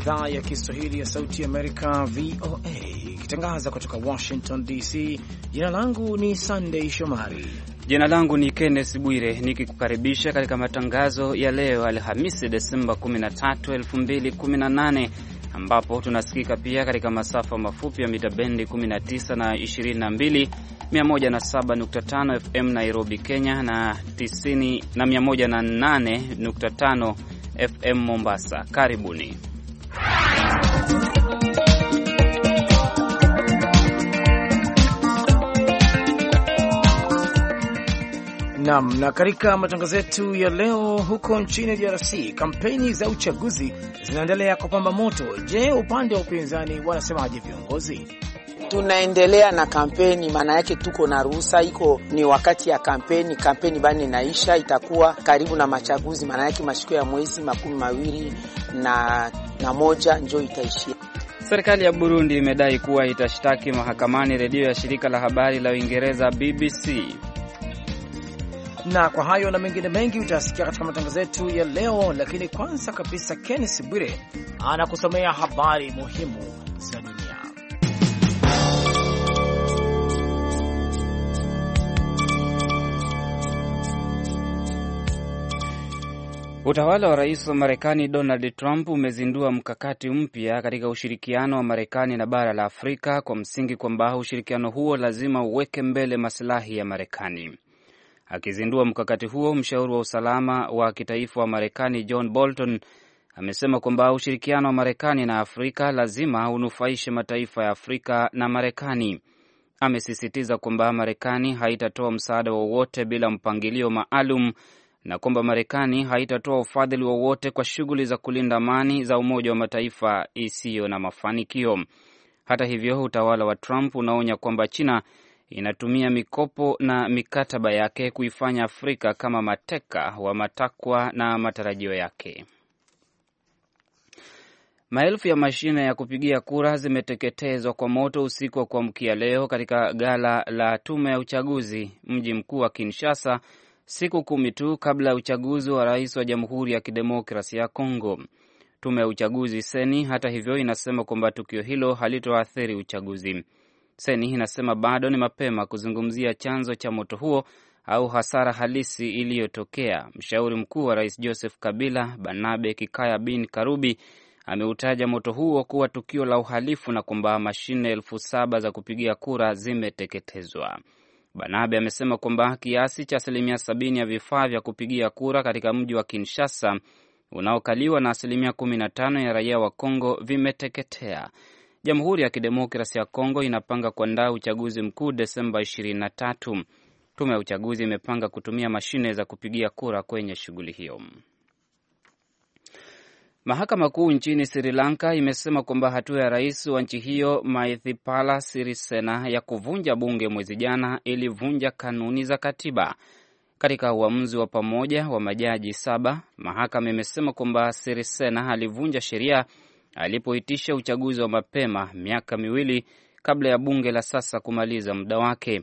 idhaa ya Kiswahili ya Sauti Amerika, VOA, ikitangaza kutoka Washington DC. Jina langu ni Sandei Shomari. Jina langu ni Kenneth Bwire, nikikukaribisha katika matangazo ya leo Alhamisi, Desemba 13, 2018 ambapo tunasikika pia katika masafa mafupi ya mita bendi 19 na 22, 107.5 FM Nairobi, Kenya na 90 na 108.5 FM Mombasa. Karibuni. Nam na katika matangazo yetu ya leo, huko nchini DRC kampeni za uchaguzi zinaendelea kupamba moto. Je, upande wa upinzani wanasemaje viongozi? tunaendelea na kampeni, maana yake tuko na ruhusa, iko ni wakati ya kampeni. Kampeni bani inaisha, itakuwa karibu na machaguzi, maana yake mashiku ya mwezi makumi mawili na, na moja njo itaishia. Serikali ya Burundi imedai kuwa itashtaki mahakamani redio ya shirika la habari la Uingereza BBC. Na kwa hayo na mengine mengi utayasikia katika matangazo yetu ya leo, lakini kwanza kabisa Kennes Bwire anakusomea habari muhimu za Utawala wa rais wa Marekani Donald Trump umezindua mkakati mpya katika ushirikiano wa Marekani na bara la Afrika kwa msingi kwamba ushirikiano huo lazima uweke mbele masilahi ya Marekani. Akizindua mkakati huo, mshauri wa usalama wa kitaifa wa Marekani John Bolton amesema kwamba ushirikiano wa Marekani na Afrika lazima unufaishe mataifa ya Afrika na Marekani. Amesisitiza kwamba Marekani haitatoa msaada wowote bila mpangilio maalum na kwamba Marekani haitatoa ufadhili wowote kwa shughuli za kulinda amani za Umoja wa Mataifa isiyo na mafanikio. Hata hivyo, utawala wa Trump unaonya kwamba China inatumia mikopo na mikataba yake kuifanya Afrika kama mateka wa matakwa na matarajio yake. Maelfu ya mashine ya kupigia kura zimeteketezwa kwa moto usiku wa kuamkia leo katika gala la tume ya uchaguzi mji mkuu wa Kinshasa siku kumi tu kabla ya uchaguzi wa rais wa Jamhuri ya Kidemokrasia ya Kongo. Tume ya uchaguzi seni hata hivyo inasema kwamba tukio hilo halitoathiri uchaguzi. Seni inasema bado ni mapema kuzungumzia chanzo cha moto huo au hasara halisi iliyotokea. Mshauri mkuu wa rais Joseph Kabila, Banabe Kikaya bin Karubi, ameutaja moto huo kuwa tukio la uhalifu na kwamba mashine elfu saba za kupigia kura zimeteketezwa. Banabe amesema kwamba kiasi cha asilimia sabini ya vifaa vya kupigia kura katika mji wa Kinshasa unaokaliwa na asilimia kumi na tano ya raia wa Kongo vimeteketea. Jamhuri ya Kidemokrasi ya Kongo inapanga kuandaa uchaguzi mkuu Desemba ishirini na tatu. Tume ya uchaguzi imepanga kutumia mashine za kupigia kura kwenye shughuli hiyo. Mahakama Kuu nchini Sri Lanka imesema kwamba hatua ya rais wa nchi hiyo Maithripala Sirisena ya kuvunja bunge mwezi jana ilivunja kanuni za katiba. Katika uamuzi wa pamoja wa majaji saba, mahakama imesema kwamba Sirisena alivunja sheria alipoitisha uchaguzi wa mapema miaka miwili kabla ya bunge la sasa kumaliza muda wake.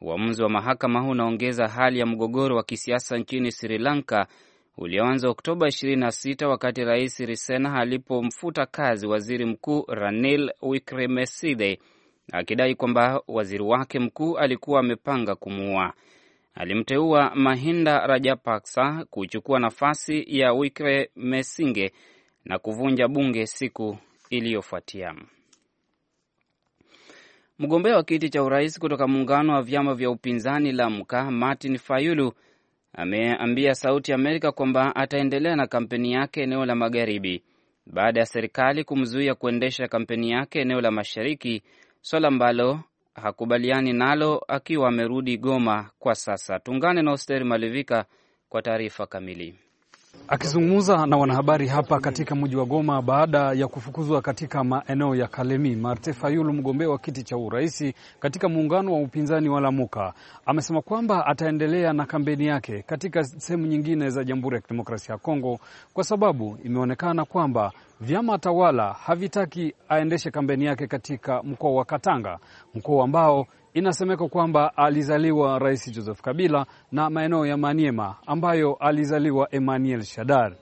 Uamuzi wa mahakama huu unaongeza hali ya mgogoro wa kisiasa nchini Sri Lanka ulioanza Oktoba 26 wakati Rais Risena alipomfuta kazi waziri mkuu Ranil Wickremesinghe akidai kwamba waziri wake mkuu alikuwa amepanga kumuua. Alimteua Mahinda Rajapaksa kuchukua nafasi ya Wickremesinghe na kuvunja bunge siku iliyofuatia. Mgombea wa kiti cha urais kutoka muungano wa vyama vya upinzani mka Martin Fayulu ameambia Sauti ya Amerika kwamba ataendelea na kampeni yake eneo la magharibi baada ya serikali kumzuia kuendesha kampeni yake eneo la mashariki, swala ambalo hakubaliani nalo akiwa amerudi Goma kwa sasa. Tuungane na Osteri Malivika kwa taarifa kamili. Akizungumza na wanahabari hapa katika mji wa Goma baada ya kufukuzwa katika maeneo ya Kalemi, Marte Fayulu, mgombea wa kiti cha urais katika muungano wa upinzani wa Lamuka, amesema kwamba ataendelea na kampeni yake katika sehemu nyingine za Jamhuri ya Kidemokrasia ya Kongo kwa sababu imeonekana kwamba vyama tawala havitaki aendeshe kampeni yake katika mkoa wa Katanga, mkoa ambao inasemeka kwamba alizaliwa Rais Joseph Kabila na maeneo ya Maniema ambayo alizaliwa Emmanuel Shadar.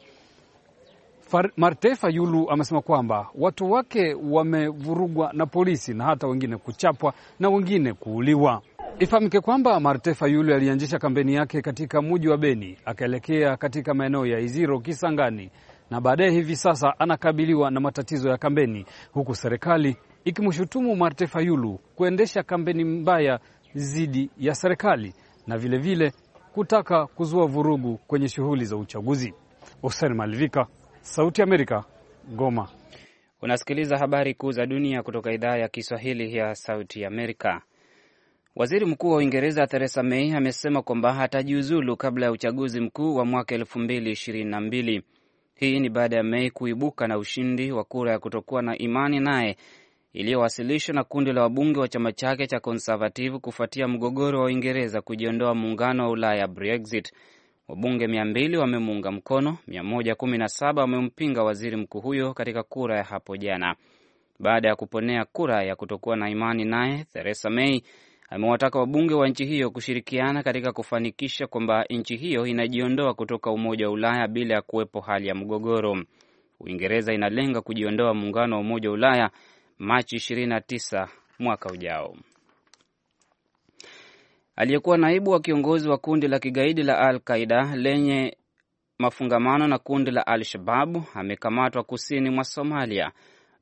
marte Fayulu amesema kwamba watu wake wamevurugwa na polisi na hata wengine kuchapwa na wengine kuuliwa. Ifahamike kwamba marte Fayulu alianzisha kampeni yake katika muji wa Beni akaelekea katika maeneo ya Iziro, Kisangani na baadaye hivi sasa anakabiliwa na matatizo ya kampeni, huku serikali ikimshutumu marte Fayulu kuendesha kampeni mbaya dhidi ya serikali na vilevile vile kutaka kuzua vurugu kwenye shughuli za uchaguzi. Hussein Malvika, Sauti ya Amerika, Goma. Unasikiliza habari kuu za dunia kutoka idhaa ya Kiswahili ya Sauti ya Amerika. Waziri Mkuu wa Uingereza Theresa May amesema kwamba hatajiuzulu kabla ya uchaguzi mkuu wa mwaka elfu mbili ishirini na mbili. Hii ni baada ya Mei kuibuka na ushindi wa kura ya kutokuwa na imani naye iliyowasilishwa na kundi la wabunge wa chama chake cha Konservative kufuatia mgogoro wa Uingereza kujiondoa muungano wa Ulaya, Brexit. Wabunge mia mbili wamemuunga mkono, mia moja kumi na saba wamempinga waziri mkuu huyo katika kura ya hapo jana. Baada ya kuponea kura ya kutokuwa na imani naye, Theresa May amewataka wabunge wa nchi hiyo kushirikiana katika kufanikisha kwamba nchi hiyo inajiondoa kutoka Umoja wa Ulaya bila ya kuwepo hali ya mgogoro. Uingereza inalenga kujiondoa muungano wa Umoja wa Ulaya Machi 29 mwaka ujao. Aliyekuwa naibu wa kiongozi wa kundi la kigaidi la Al Qaida lenye mafungamano na kundi la Al Shababu amekamatwa kusini mwa Somalia.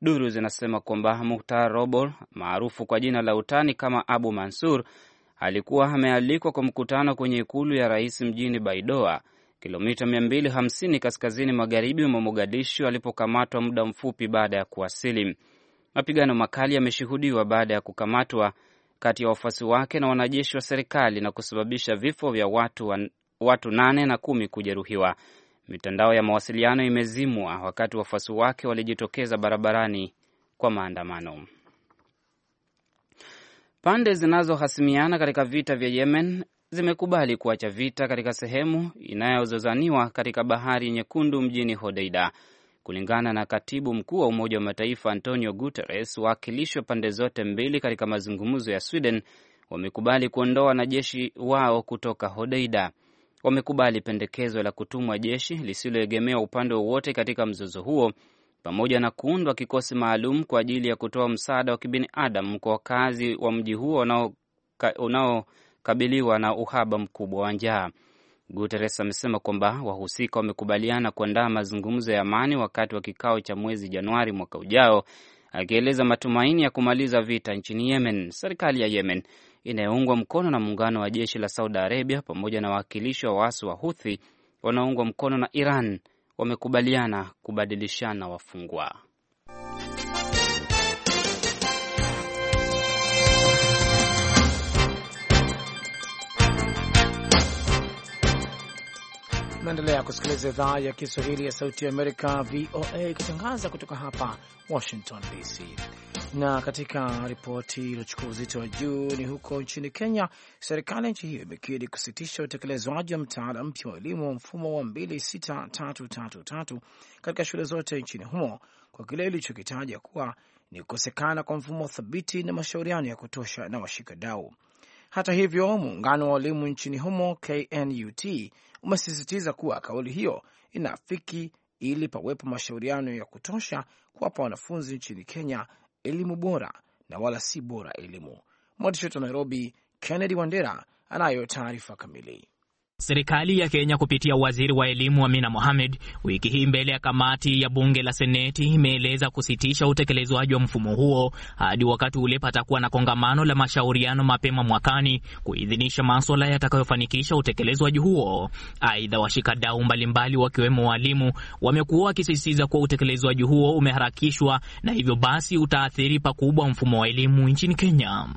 Duru zinasema kwamba Muhtar Robol maarufu kwa jina la utani kama Abu Mansur alikuwa amealikwa kwa mkutano kwenye ikulu ya rais mjini Baidoa, kilomita 250 kaskazini magharibi mwa Mogadishu, alipokamatwa muda mfupi baada ya kuwasili. Mapigano makali yameshuhudiwa baada ya kukamatwa kati ya wafuasi wake na wanajeshi wa serikali na kusababisha vifo vya watu, wa, watu nane na kumi kujeruhiwa mitandao ya mawasiliano imezimwa wakati wafuasi wake walijitokeza barabarani kwa maandamano. Pande zinazohasimiana katika vita vya Yemen zimekubali kuacha vita katika sehemu inayozozaniwa katika bahari nyekundu mjini Hodeida. Kulingana na katibu mkuu wa Umoja wa Mataifa Antonio Guterres, wawakilishi wa pande zote mbili katika mazungumzo ya Sweden wamekubali kuondoa wanajeshi wao kutoka Hodeida wamekubali pendekezo la kutumwa jeshi lisiloegemea upande wowote katika mzozo huo pamoja na kuundwa kikosi maalum kwa ajili ya kutoa msaada wa kibinadamu kwa wakazi wa mji huo unaokabiliwa na uhaba mkubwa wa njaa. guteres amesema kwamba wahusika wamekubaliana kuandaa mazungumzo ya amani wakati wa kikao cha mwezi Januari mwaka ujao, akieleza matumaini ya kumaliza vita nchini Yemen. Serikali ya Yemen inayoungwa mkono na muungano wa jeshi la Saudi Arabia pamoja na wawakilishi wa waasi wa Huthi wanaoungwa mkono na Iran wamekubaliana kubadilishana wafungwa. Naendelea kusikiliza idhaa ya Kiswahili ya Sauti ya Amerika, VOA, ikitangaza kutoka hapa Washington DC. Na katika ripoti iliyochukua uzito wa juu ni huko nchini Kenya, serikali ya nchi hiyo imekiri kusitisha utekelezwaji wa mtaala mpya wa elimu wa mfumo wa 26333 katika shule zote nchini humo kwa kile ilichokitaja kuwa ni kukosekana kwa mfumo thabiti na mashauriano ya kutosha na washikadau. Hata hivyo, muungano wa walimu nchini humo KNUT umesisitiza kuwa kauli hiyo inafiki ili pawepo mashauriano ya kutosha kuwapa wanafunzi nchini Kenya elimu bora na wala si bora elimu. Mwandishi wetu wa Nairobi, Kennedy Wandera, anayo taarifa kamili. Serikali ya Kenya kupitia waziri wa elimu Amina Mohamed wiki hii mbele ya kamati ya bunge la Seneti imeeleza kusitisha utekelezwaji wa mfumo huo hadi wakati ule patakuwa na kongamano la mashauriano mapema mwakani kuidhinisha maswala yatakayofanikisha utekelezwaji huo. Aidha, washikadau mbalimbali wakiwemo walimu wamekuwa wakisisitiza kuwa utekelezwaji huo umeharakishwa na hivyo basi utaathiri pakubwa mfumo wa elimu nchini Kenya.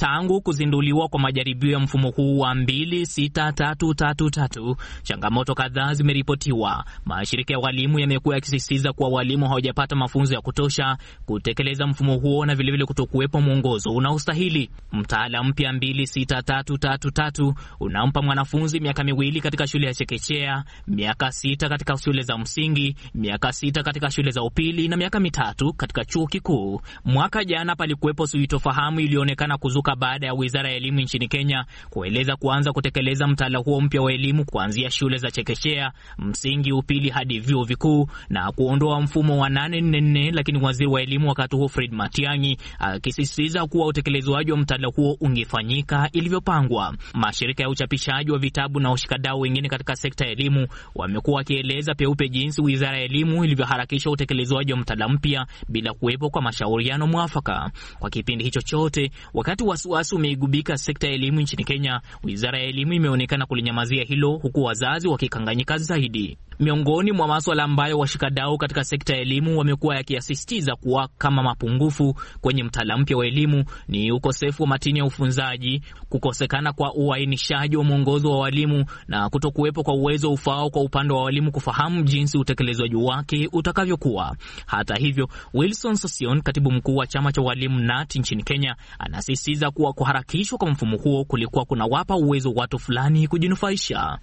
Tangu kuzinduliwa kwa majaribio ya mfumo huu wa 26333 changamoto kadhaa zimeripotiwa. Mashirika ya walimu yamekuwa yakisisitiza kuwa walimu hawajapata mafunzo ya kutosha kutekeleza mfumo huo na vilevile kutokuwepo mwongozo unaostahili. Mtaala mpya 26333 unampa mwanafunzi miaka miwili katika shule ya chekechea, miaka sita katika shule za msingi, miaka sita katika shule za upili na miaka mitatu katika chuo kikuu. Mwaka jana palikuwepo suitofahamu iliyoonekana kuzuka kutoka baada ya wizara ya elimu nchini Kenya kueleza kuanza kutekeleza mtaala huo mpya wa elimu kuanzia shule za chekechea, msingi, upili hadi vyuo vikuu na kuondoa mfumo wa 844 lakini waziri wa elimu wakati huo Fred Matiang'i akisisitiza kuwa utekelezwaji wa mtaala huo ungefanyika ilivyopangwa. Mashirika ya uchapishaji wa vitabu na washikadau wengine katika sekta ya elimu wamekuwa wakieleza peupe jinsi wizara ya elimu ilivyoharakisha utekelezwaji wa mtaala mpya bila kuwepo kwa mashauriano mwafaka kwa kipindi hicho chote wakati wa wasiwasi umeigubika sekta ya elimu nchini Kenya, wizara ya elimu imeonekana kulinyamazia hilo, huku wazazi wakikanganyika zaidi. Miongoni mwa maswala ambayo washikadau katika sekta ya elimu wamekuwa yakiyasisitiza kuwa kama mapungufu kwenye mtaala mpya wa elimu ni ukosefu wa matini ya ufunzaji, kukosekana kwa uainishaji wa mwongozo wa walimu na kutokuwepo kwa uwezo ufao kwa upande wa walimu kufahamu jinsi utekelezwaji wake utakavyokuwa. Hata hivyo, Wilson Sosion, katibu mkuu wa chama cha walimu NAT nchini Kenya, anasisitiza akisisitiza kuwa kuharakishwa kwa mfumo huo kulikuwa kunawapa uwezo watu fulani kujinufaisha.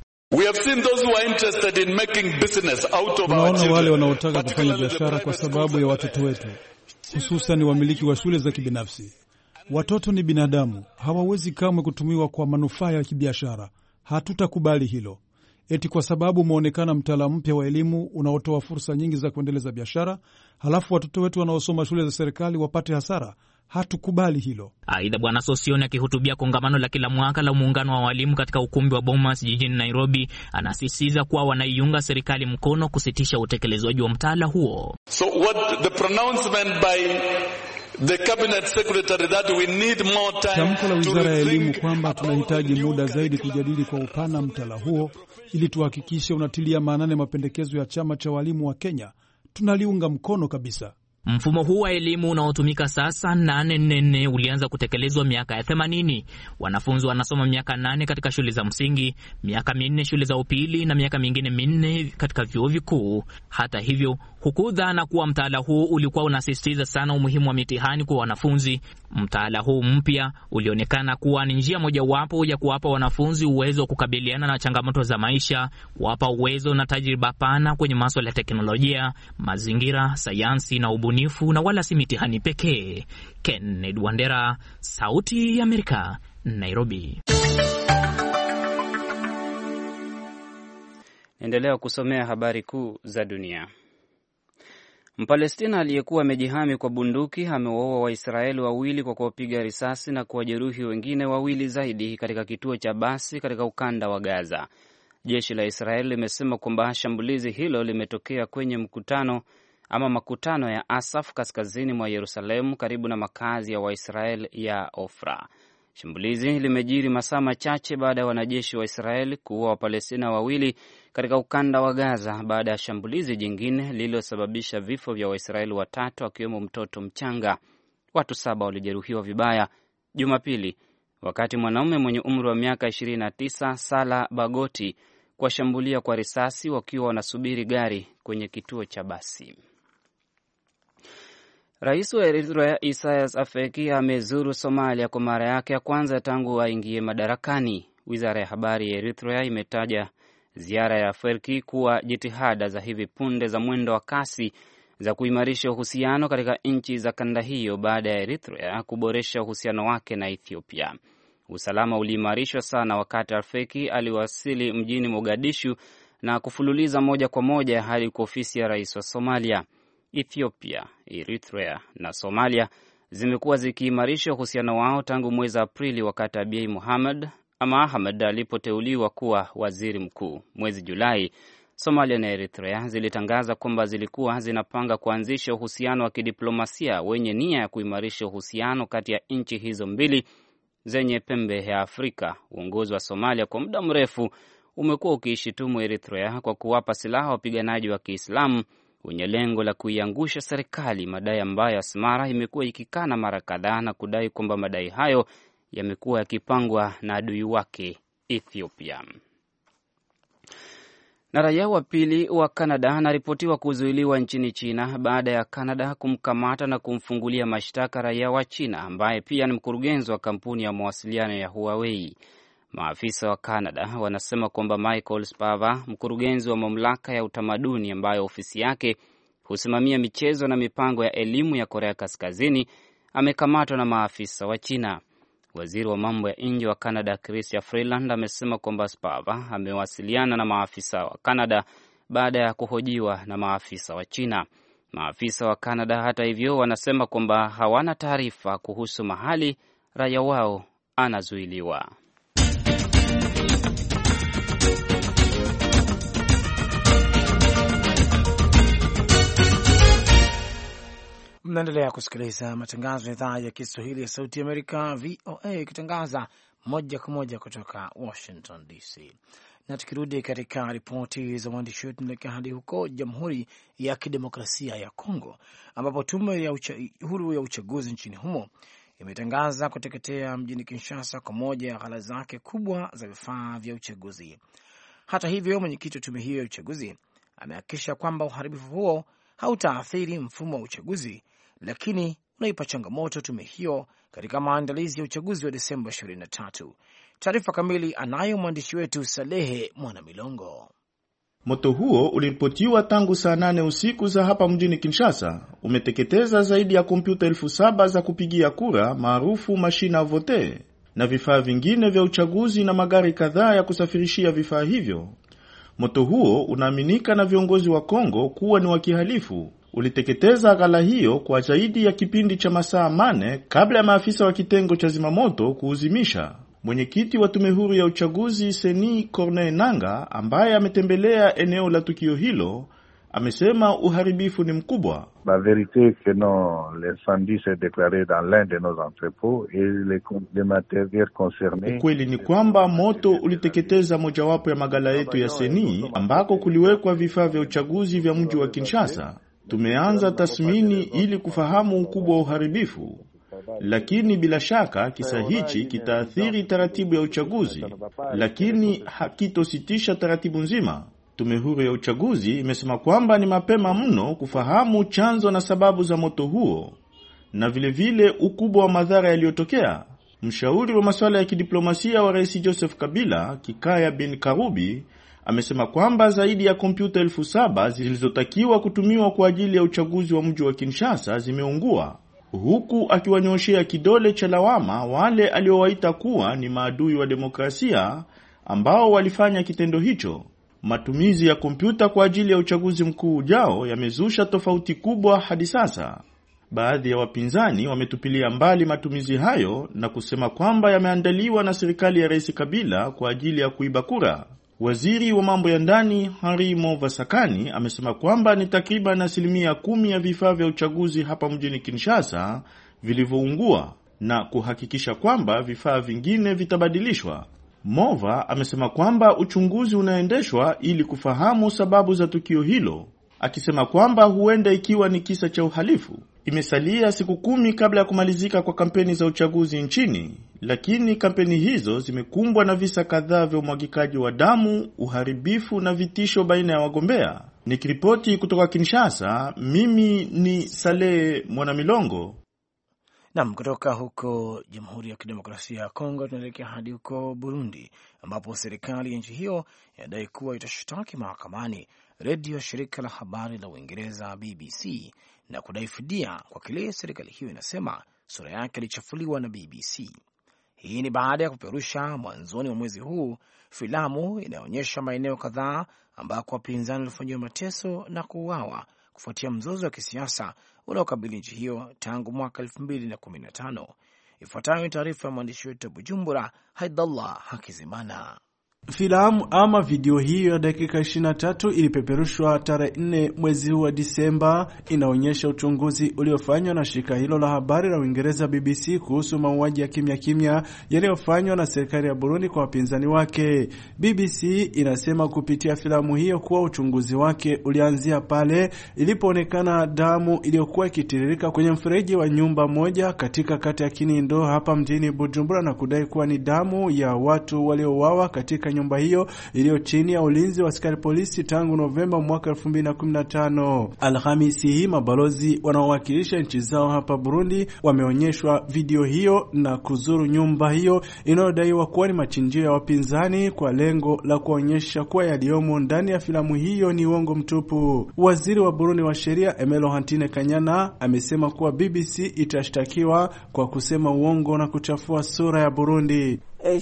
Tunaona wale wanaotaka kufanya biashara kwa sababu ya watoto wetu, hususan wamiliki wa shule za kibinafsi. Watoto ni binadamu, hawawezi kamwe kutumiwa kwa manufaa ya kibiashara. Hatutakubali hilo eti kwa sababu umeonekana mtaala mpya wa elimu unaotoa fursa nyingi za kuendeleza biashara, halafu watoto wetu wanaosoma shule za serikali wapate hasara. Hatukubali hilo. Aidha, Bwana Sosioni akihutubia kongamano la kila mwaka la muungano wa walimu katika ukumbi wa Bomas jijini Nairobi, anasisitiza kuwa wanaiunga serikali mkono kusitisha utekelezwaji wa mtaala huo. So what the pronouncement by Tamko la wizara ya elimu kwamba tunahitaji muda zaidi kujadili kwa upana mtaala huo ili tuhakikishe unatilia maanani mapendekezo ya chama cha walimu wa Kenya tunaliunga mkono kabisa. Mfumo huu wa elimu unaotumika sasa 844 ulianza kutekelezwa miaka ya 80. Wanafunzi wanasoma miaka 8 katika shule za msingi, miaka minne shule za upili na miaka mingine minne katika vyuo vikuu. Hata hivyo Kukudha dhana kuwa mtaala huu ulikuwa unasisitiza sana umuhimu wa mitihani kwa wanafunzi, mtaala huu mpya ulionekana kuwa ni njia mojawapo ya kuwapa wanafunzi uwezo wa kukabiliana na changamoto za maisha, kuwapa uwezo na tajriba pana kwenye maswala ya teknolojia, mazingira, sayansi na ubunifu, na wala si mitihani pekee. Kenneth Wandera, Sauti ya Amerika, Nairobi. Naendelea kusomea habari kuu za dunia. Mpalestina aliyekuwa amejihami kwa bunduki amewaua Waisraeli wawili kwa kuwapiga risasi na kuwajeruhi wengine wawili zaidi katika kituo cha basi katika ukanda wa Gaza. Jeshi la Israeli limesema kwamba shambulizi hilo limetokea kwenye mkutano ama makutano ya Asaf kaskazini mwa Yerusalemu, karibu na makazi ya Waisraeli ya Ofra. Shambulizi limejiri masaa machache baada ya wanajeshi wa israel kuua Wapalestina wawili katika ukanda wa Gaza baada ya shambulizi jingine lililosababisha vifo vya Waisraeli watatu akiwemo mtoto mchanga. Watu saba walijeruhiwa vibaya Jumapili wakati mwanaume mwenye umri wa miaka 29 Sala Bagoti kuwashambulia kwa risasi wakiwa wanasubiri gari kwenye kituo cha basi. Rais wa Eritrea Isaias Afwerki amezuru Somalia kwa mara yake ya kwanza tangu aingie madarakani. Wizara ya habari ya Eritrea imetaja ziara ya Afwerki kuwa jitihada za hivi punde za mwendo wa kasi za kuimarisha uhusiano katika nchi za kanda hiyo baada ya Eritrea kuboresha uhusiano wake na Ethiopia. Usalama uliimarishwa sana wakati Afwerki aliwasili mjini Mogadishu na kufululiza moja kwa moja hadi kwa ofisi ya rais wa Somalia. Ethiopia, Eritrea na Somalia zimekuwa zikiimarisha uhusiano wao tangu mwezi Aprili wakati Abiy Muhammad ama Ahmed alipoteuliwa kuwa waziri mkuu. Mwezi Julai, Somalia na Eritrea zilitangaza kwamba zilikuwa zinapanga kuanzisha uhusiano wa kidiplomasia wenye nia ya kuimarisha uhusiano kati ya nchi hizo mbili zenye pembe ya Afrika. Uongozi wa Somalia kwa muda mrefu umekuwa ukiishitumu Eritrea kwa kuwapa silaha wapiganaji wa Kiislamu wenye lengo la kuiangusha serikali, madai ambayo Asmara imekuwa ikikana mara kadhaa na kudai kwamba madai hayo yamekuwa yakipangwa na adui wake Ethiopia. Na raia wa pili wa Kanada anaripotiwa kuzuiliwa nchini China baada ya Kanada kumkamata na kumfungulia mashtaka raia wa China ambaye pia ni mkurugenzi wa kampuni ya mawasiliano ya Huawei. Maafisa wa Canada wanasema kwamba Michael Spava, mkurugenzi wa mamlaka ya utamaduni ambayo ofisi yake husimamia michezo na mipango ya elimu ya Korea Kaskazini, amekamatwa na maafisa wa China. Waziri wa mambo ya nje wa Canada Chrystia Freeland amesema kwamba Spava amewasiliana na maafisa wa Canada baada ya kuhojiwa na maafisa wa China. Maafisa wa Canada hata hivyo, wanasema kwamba hawana taarifa kuhusu mahali raia wao anazuiliwa. Mnaendelea kusikiliza matangazo ya idhaa ya Kiswahili ya Sauti Amerika, VOA, ikitangaza moja kwa moja kutoka Washington DC. Na tukirudi katika ripoti za uandishi wetu, naelekea hadi huko Jamhuri ya Kidemokrasia ya Kongo, ambapo tume ya huru ya uchaguzi nchini humo imetangaza kuteketea mjini Kinshasa kwa moja ya ghala zake kubwa za vifaa vya uchaguzi. Hata hivyo, mwenyekiti wa tume hiyo ya uchaguzi amehakikisha kwamba uharibifu huo hautaathiri mfumo wa uchaguzi lakini unaipa changamoto tume hiyo katika maandalizi ya uchaguzi wa Desemba 23. Taarifa kamili anayo mwandishi wetu Salehe Mwanamilongo. Moto huo uliripotiwa tangu saa nane usiku za hapa mjini Kinshasa, umeteketeza zaidi ya kompyuta elfu saba za kupigia kura maarufu mashina vote na vifaa vingine vya uchaguzi na magari kadhaa ya kusafirishia vifaa hivyo. Moto huo unaaminika na viongozi wa Kongo kuwa ni wa kihalifu uliteketeza ghala hiyo kwa zaidi ya kipindi cha masaa mane kabla ya maafisa wa kitengo cha zimamoto kuuzimisha. Mwenyekiti wa tume huru ya uchaguzi Seni Corneille Nanga, ambaye ametembelea eneo la tukio hilo, amesema uharibifu ni mkubwa. La verite que non l'incendie s'est declare dans l'un de nos entrepots et les les Ukweli ni kwamba moto uliteketeza mojawapo ya magala yetu ya Seni ambako kuliwekwa vifaa vya uchaguzi vya mji wa Kinshasa. Tumeanza tathmini ili kufahamu ukubwa wa uharibifu, lakini bila shaka kisa hichi kitaathiri taratibu ya uchaguzi, lakini hakitositisha taratibu nzima. Tume huru ya uchaguzi imesema kwamba ni mapema mno kufahamu chanzo na sababu za moto huo na vilevile vile ukubwa wa madhara yaliyotokea. Mshauri wa masuala ya kidiplomasia wa Rais Joseph Kabila, Kikaya bin Karubi, amesema kwamba zaidi ya kompyuta elfu saba zilizotakiwa kutumiwa kwa ajili ya uchaguzi wa mji wa Kinshasa zimeungua huku akiwanyoshea kidole cha lawama wale aliowaita kuwa ni maadui wa demokrasia ambao walifanya kitendo hicho. Matumizi ya kompyuta kwa ajili ya uchaguzi mkuu ujao yamezusha tofauti kubwa hadi sasa. Baadhi ya wapinzani wametupilia mbali matumizi hayo na kusema kwamba yameandaliwa na serikali ya Rais Kabila kwa ajili ya kuiba kura. Waziri wa mambo ya ndani Harimo Vasakani amesema kwamba ni takriban asilimia kumi ya vifaa vya uchaguzi hapa mjini Kinshasa vilivyoungua na kuhakikisha kwamba vifaa vingine vitabadilishwa. Mova amesema kwamba uchunguzi unaendeshwa ili kufahamu sababu za tukio hilo, akisema kwamba huenda ikiwa ni kisa cha uhalifu. Imesalia siku kumi kabla ya kumalizika kwa kampeni za uchaguzi nchini. Lakini kampeni hizo zimekumbwa na visa kadhaa vya umwagikaji wa damu, uharibifu na vitisho baina ya wagombea. Nikiripoti kutoka Kinshasa, mimi ni Salehe Mwanamilongo. Nam, kutoka huko Jamhuri ya Kidemokrasia ya Kongo tunaelekea hadi huko Burundi, ambapo serikali ya nchi hiyo inadai kuwa itashtaki mahakamani redio ya shirika la habari la Uingereza BBC na kudai fidia kwa kile serikali hiyo inasema sura yake ilichafuliwa na BBC. Hii ni baada ya kupeperusha mwanzoni mwa mwezi huu filamu inayoonyesha maeneo kadhaa ambako wapinzani walifanyiwa mateso na kuuawa kufuatia mzozo wa kisiasa unaokabili nchi hiyo tangu mwaka l215 Ifuatayo ni taarifa ya mwandishi wetu wa Bujumbura, Haidallah Hakizimana. Filamu ama video hiyo ya dakika 23 ilipeperushwa tarehe 4 mwezi huu wa Disemba. Inaonyesha uchunguzi uliofanywa na shirika hilo la habari la Uingereza BBC kuhusu mauaji ya kimya kimya yaliyofanywa na serikali ya Burundi kwa wapinzani wake. BBC inasema kupitia filamu hiyo kuwa uchunguzi wake ulianzia pale ilipoonekana damu iliyokuwa ikitiririka kwenye mfereji wa nyumba moja katika kata ya Kinindo hapa mjini Bujumbura, na kudai kuwa ni damu ya watu waliouawa katika nyumba hiyo iliyo chini ya ulinzi wa askari polisi tangu Novemba mwaka 2015. Alhamisi hii mabalozi wanaowakilisha nchi zao hapa Burundi wameonyeshwa video hiyo na kuzuru nyumba hiyo inayodaiwa kuwa ni machinjio ya wapinzani kwa lengo la kuonyesha kuwa yaliyomo ndani ya filamu hiyo ni uongo mtupu. Waziri wa Burundi wa sheria Emelo Hantine Kanyana amesema kuwa BBC itashtakiwa kwa kusema uongo na kuchafua sura ya Burundi. Euh,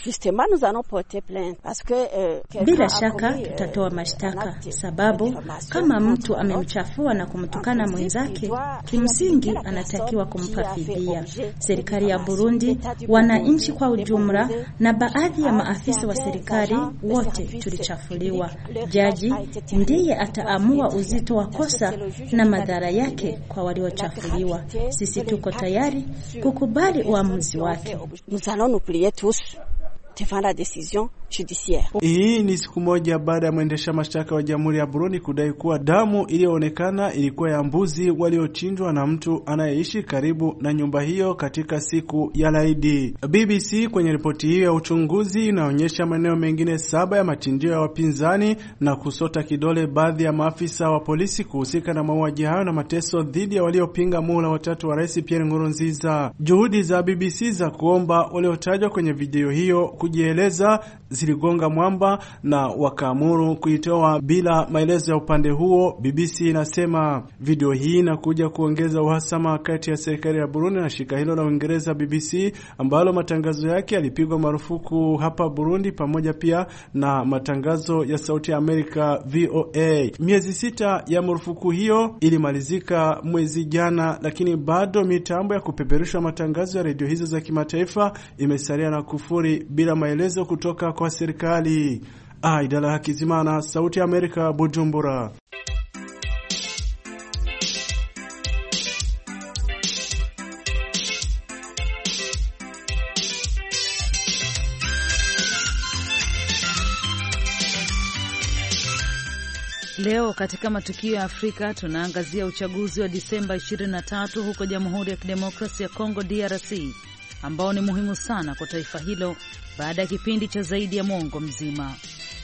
euh, Bila shaka euh, tutatoa mashtaka, sababu kama mtu amemchafua na kumtukana mwenzake, kimsingi anatakiwa kumpa fidia. Serikali ya Burundi, wananchi kwa ujumla, na baadhi ya maafisa wa serikali, wote tulichafuliwa. Jaji ndiye ataamua uzito wa kosa na madhara yake kwa waliochafuliwa. Sisi tuko tayari kukubali uamuzi wake devant la décision judiciaire. Hii ni siku moja baada ya mwendesha mashtaka wa Jamhuri ya Burundi kudai kuwa damu iliyoonekana ilikuwa ya mbuzi waliochinjwa na mtu anayeishi karibu na nyumba hiyo katika siku ya laidi. BBC kwenye ripoti hiyo ya uchunguzi inaonyesha maeneo mengine saba ya machinjio ya wapinzani na kusota kidole baadhi ya maafisa wa polisi kuhusika na mauaji hayo na mateso dhidi ya waliopinga muhula watatu wa Rais Pierre Nkurunziza. Juhudi za BBC za kuomba waliotajwa kwenye video hiyo kujieleza ziligonga mwamba na wakaamuru kuitoa bila maelezo ya upande huo. BBC inasema video hii inakuja kuongeza uhasama kati ya serikali ya Burundi na shirika hilo la Uingereza BBC ambalo matangazo yake yalipigwa marufuku hapa Burundi, pamoja pia na matangazo ya Sauti ya Amerika VOA. Miezi sita ya marufuku hiyo ilimalizika mwezi jana, lakini bado mitambo ya kupeperusha matangazo ya redio hizo za kimataifa imesalia na kufuri bila maelezo kutoka kwa serikali. Aidala ah, Hakizimana, Sauti ya Amerika, Bujumbura. Leo katika matukio ya Afrika tunaangazia uchaguzi wa Disemba 23 huko Jamhuri ya kidemokrasi ya Kongo, DRC, ambao ni muhimu sana kwa taifa hilo baada ya kipindi cha zaidi ya mwongo mzima.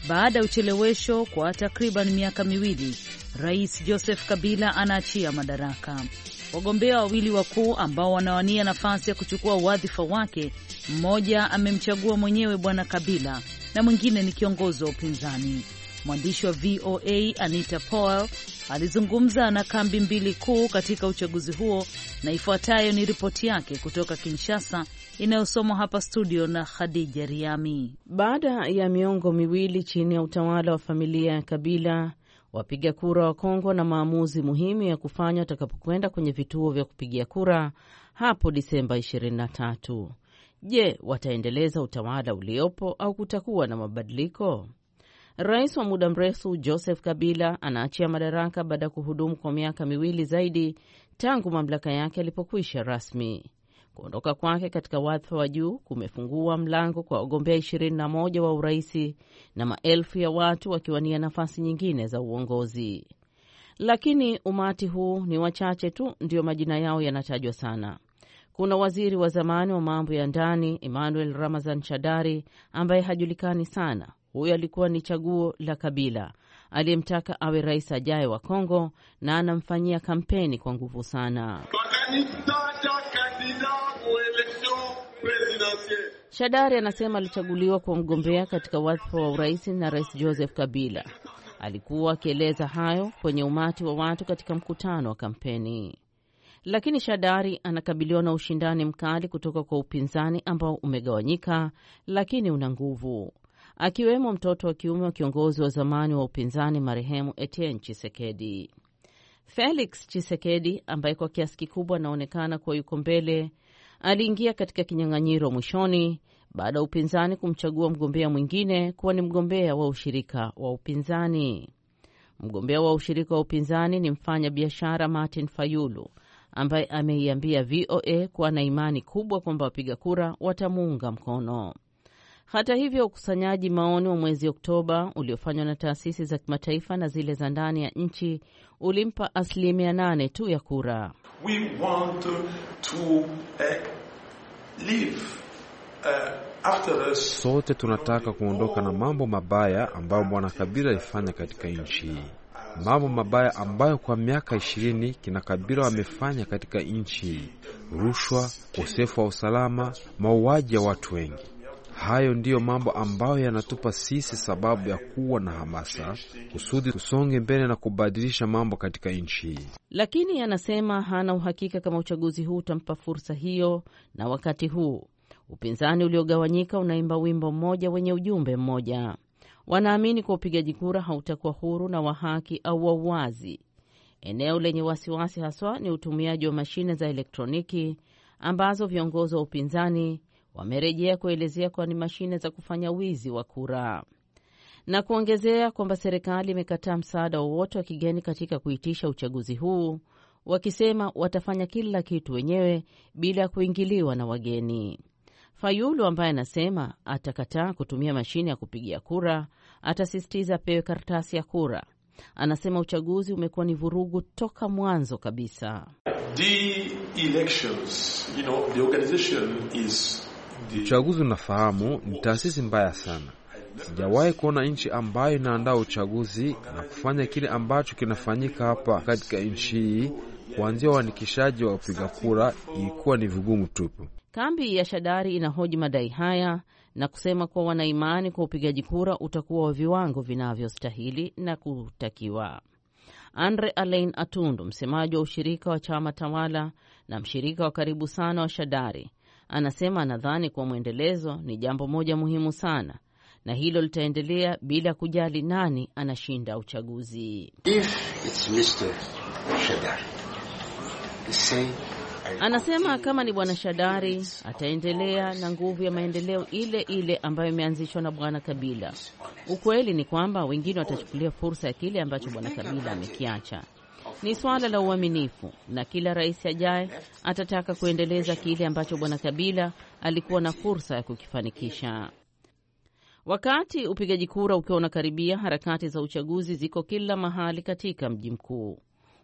Baada ya uchelewesho kwa takriban miaka miwili, Rais Joseph Kabila anaachia madaraka. Wagombea wawili wakuu ambao wanawania nafasi ya kuchukua wadhifa wake, mmoja amemchagua mwenyewe Bwana Kabila na mwingine ni kiongozi wa upinzani. Mwandishi wa VOA Anita Powell alizungumza na kambi mbili kuu katika uchaguzi huo, na ifuatayo ni ripoti yake kutoka Kinshasa inayosomwa hapa studio na Khadija Riami. Baada ya miongo miwili chini ya utawala wa familia ya Kabila, wapiga kura wa Kongo na maamuzi muhimu ya kufanya watakapokwenda kwenye vituo vya kupigia kura hapo Disemba 23. Je, wataendeleza utawala uliopo au kutakuwa na mabadiliko? Rais wa muda mrefu Joseph Kabila anaachia madaraka baada ya kuhudumu kwa miaka miwili zaidi tangu mamlaka yake yalipokwisha rasmi. Kuondoka kwake katika wadhifa wa juu kumefungua mlango kwa wagombea 21 wa uraisi na maelfu ya watu wakiwania nafasi nyingine za uongozi, lakini umati huu ni wachache tu ndiyo majina yao yanatajwa sana. Kuna waziri wa zamani wa mambo ya ndani Emmanuel Ramazan Shadari ambaye hajulikani sana huyo alikuwa ni chaguo la Kabila aliyemtaka awe rais ajaye wa Kongo, na anamfanyia kampeni kwa nguvu sana. Shadari anasema alichaguliwa kwa mgombea katika wadhifa wa urais na rais Joseph Kabila. Alikuwa akieleza hayo kwenye umati wa watu katika mkutano wa kampeni, lakini Shadari anakabiliwa na ushindani mkali kutoka kwa upinzani ambao umegawanyika, lakini una nguvu akiwemo mtoto wa kiume wa kiongozi wa zamani wa upinzani marehemu Etienne Chisekedi. Felix Chisekedi ambaye kwa kiasi kikubwa anaonekana kuwa yuko mbele, aliingia katika kinyang'anyiro mwishoni baada ya upinzani kumchagua mgombea mwingine kuwa ni mgombea wa ushirika wa upinzani. Mgombea wa ushirika wa upinzani ni mfanya biashara Martin Fayulu ambaye ameiambia VOA kuwa na imani kubwa kwamba wapiga kura watamuunga mkono. Hata hivyo, ukusanyaji maoni wa mwezi Oktoba uliofanywa na taasisi za kimataifa na zile za ndani ya nchi ulimpa asilimia nane tu ya kura. We want to, uh, uh, Sote tunataka kuondoka na mambo mabaya ambayo Bwana Kabila alifanya katika nchi hii, mambo mabaya ambayo kwa miaka ishirini kina Kabila wamefanya katika nchi hii: rushwa, ukosefu wa usalama, mauaji ya watu wengi. Hayo ndiyo mambo ambayo yanatupa sisi sababu ya kuwa na hamasa kusudi tusonge mbele na kubadilisha mambo katika nchi hii. Lakini anasema hana uhakika kama uchaguzi huu utampa fursa hiyo, na wakati huu upinzani uliogawanyika unaimba wimbo mmoja wenye ujumbe mmoja. Wanaamini kwa upigaji kura hautakuwa huru na wa haki au wa uwazi. Eneo lenye wasiwasi haswa ni utumiaji wa mashine za elektroniki ambazo viongozi wa upinzani wamerejea kuelezea kuwa ni mashine za kufanya wizi wa kura na kuongezea kwamba serikali imekataa msaada wowote wa kigeni katika kuitisha uchaguzi huu, wakisema watafanya kila kitu wenyewe bila ya kuingiliwa na wageni. Fayulu ambaye anasema atakataa kutumia mashine ya kupigia kura, atasisitiza apewe karatasi ya kura. Anasema uchaguzi umekuwa ni vurugu toka mwanzo kabisa. The elections, you know, the organization is Uchaguzi unafahamu ni taasisi mbaya sana. Sijawahi kuona nchi ambayo inaandaa uchaguzi na kufanya kile ambacho kinafanyika hapa katika nchi hii. Kuanzia uandikishaji wa wapiga kura ilikuwa ni vigumu tupu. Kambi ya Shadari inahoji madai haya na kusema kuwa wanaimani kwa upigaji kura utakuwa wa viwango vinavyostahili na kutakiwa. Andre Alain Atundu, msemaji wa ushirika wa chama tawala na mshirika wa karibu sana wa Shadari, Anasema anadhani kuwa mwendelezo ni jambo moja muhimu sana na hilo litaendelea bila kujali nani anashinda uchaguzi. Anasema kama ni Bwana Shadari ataendelea na nguvu ya maendeleo ile ile ambayo imeanzishwa na Bwana Kabila. Ukweli ni kwamba wengine watachukulia fursa ya kile ambacho Bwana Kabila amekiacha. Ni swala la uaminifu, na kila rais ajaye atataka kuendeleza kile ambacho bwana Kabila alikuwa na fursa ya kukifanikisha. Wakati upigaji kura ukiwa unakaribia, harakati za uchaguzi ziko kila mahali katika mji mkuu,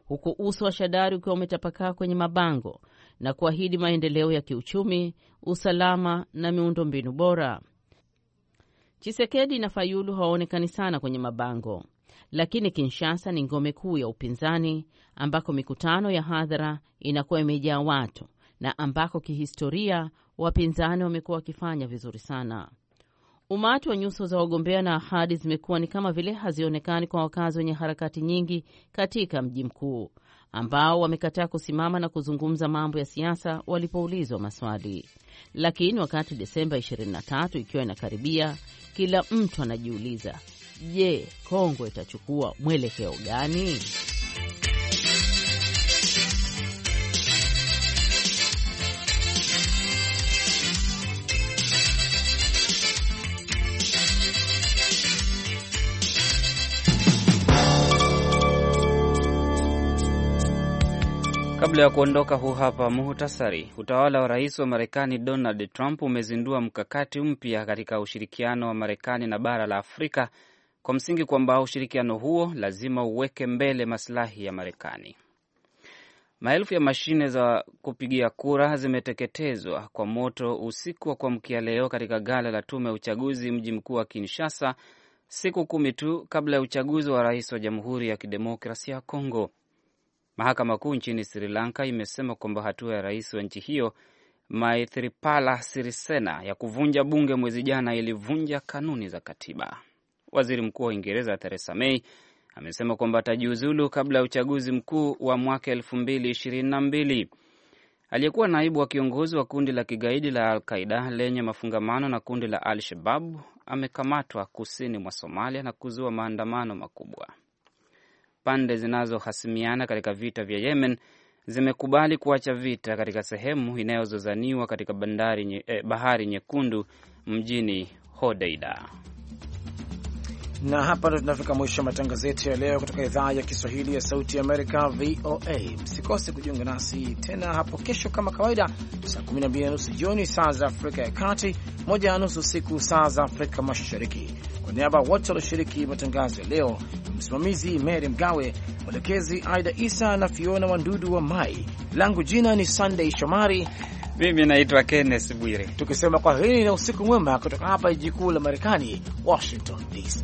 huku uso wa shadari ukiwa umetapakaa kwenye mabango na kuahidi maendeleo ya kiuchumi, usalama na miundombinu bora. Chisekedi na Fayulu hawaonekani sana kwenye mabango, lakini Kinshasa ni ngome kuu ya upinzani ambako mikutano ya hadhara inakuwa imejaa watu na ambako kihistoria wapinzani wamekuwa wakifanya vizuri sana. Umati wa nyuso za wagombea na ahadi zimekuwa ni kama vile hazionekani kwa wakazi wenye harakati nyingi katika mji mkuu ambao wamekataa kusimama na kuzungumza mambo ya siasa walipoulizwa maswali. Lakini wakati Desemba 23 ikiwa inakaribia, kila mtu anajiuliza Je, Kongo itachukua mwelekeo gani? Kabla ya kuondoka, hu hapa muhutasari. Utawala wa rais wa Marekani Donald Trump umezindua mkakati mpya katika ushirikiano wa Marekani na bara la Afrika kwa msingi kwamba ushirikiano huo lazima uweke mbele masilahi ya Marekani. Maelfu ya mashine za kupigia kura zimeteketezwa kwa moto usiku wa kuamkia leo katika gala la tume ya uchaguzi mji mkuu wa Kinshasa, siku kumi tu kabla ya uchaguzi wa rais wa Jamhuri ya Kidemokrasia ya Kongo. Mahakama Kuu nchini Sri Lanka imesema kwamba hatua ya rais wa nchi hiyo Maithripala Sirisena ya kuvunja bunge mwezi jana ilivunja kanuni za katiba. Waziri Mkuu wa Uingereza Theresa May amesema kwamba atajiuzulu kabla ya uchaguzi mkuu wa mwaka elfu mbili ishirini na mbili. Aliyekuwa naibu wa kiongozi wa kundi la kigaidi la Al Qaida lenye mafungamano na kundi la Al Shabab amekamatwa kusini mwa Somalia na kuzua maandamano makubwa. Pande zinazohasimiana katika vita vya Yemen zimekubali kuacha vita katika sehemu inayozozaniwa katika bandari nye, eh, bahari nyekundu mjini Hodeida. Na hapa ndo tunafika mwisho wa matangazo yetu ya leo kutoka idhaa ya Kiswahili ya Sauti ya Amerika, VOA. Msikose kujiunga nasi tena hapo kesho kama kawaida, saa 12 na nusu jioni saa za Afrika ya Kati, moja na nusu usiku saa za Afrika Mashariki. Kwa niaba wote walioshiriki matangazo ya leo, msimamizi Mary Mgawe, mwelekezi Aida Isa na Fiona Wandudu wa Mai, langu jina ni Sunday Shomari mimi naitwa Kenneth Bwire, tukisema kwa kwaherini na usiku mwema kutoka hapa jiji kuu la Marekani, Washington DC.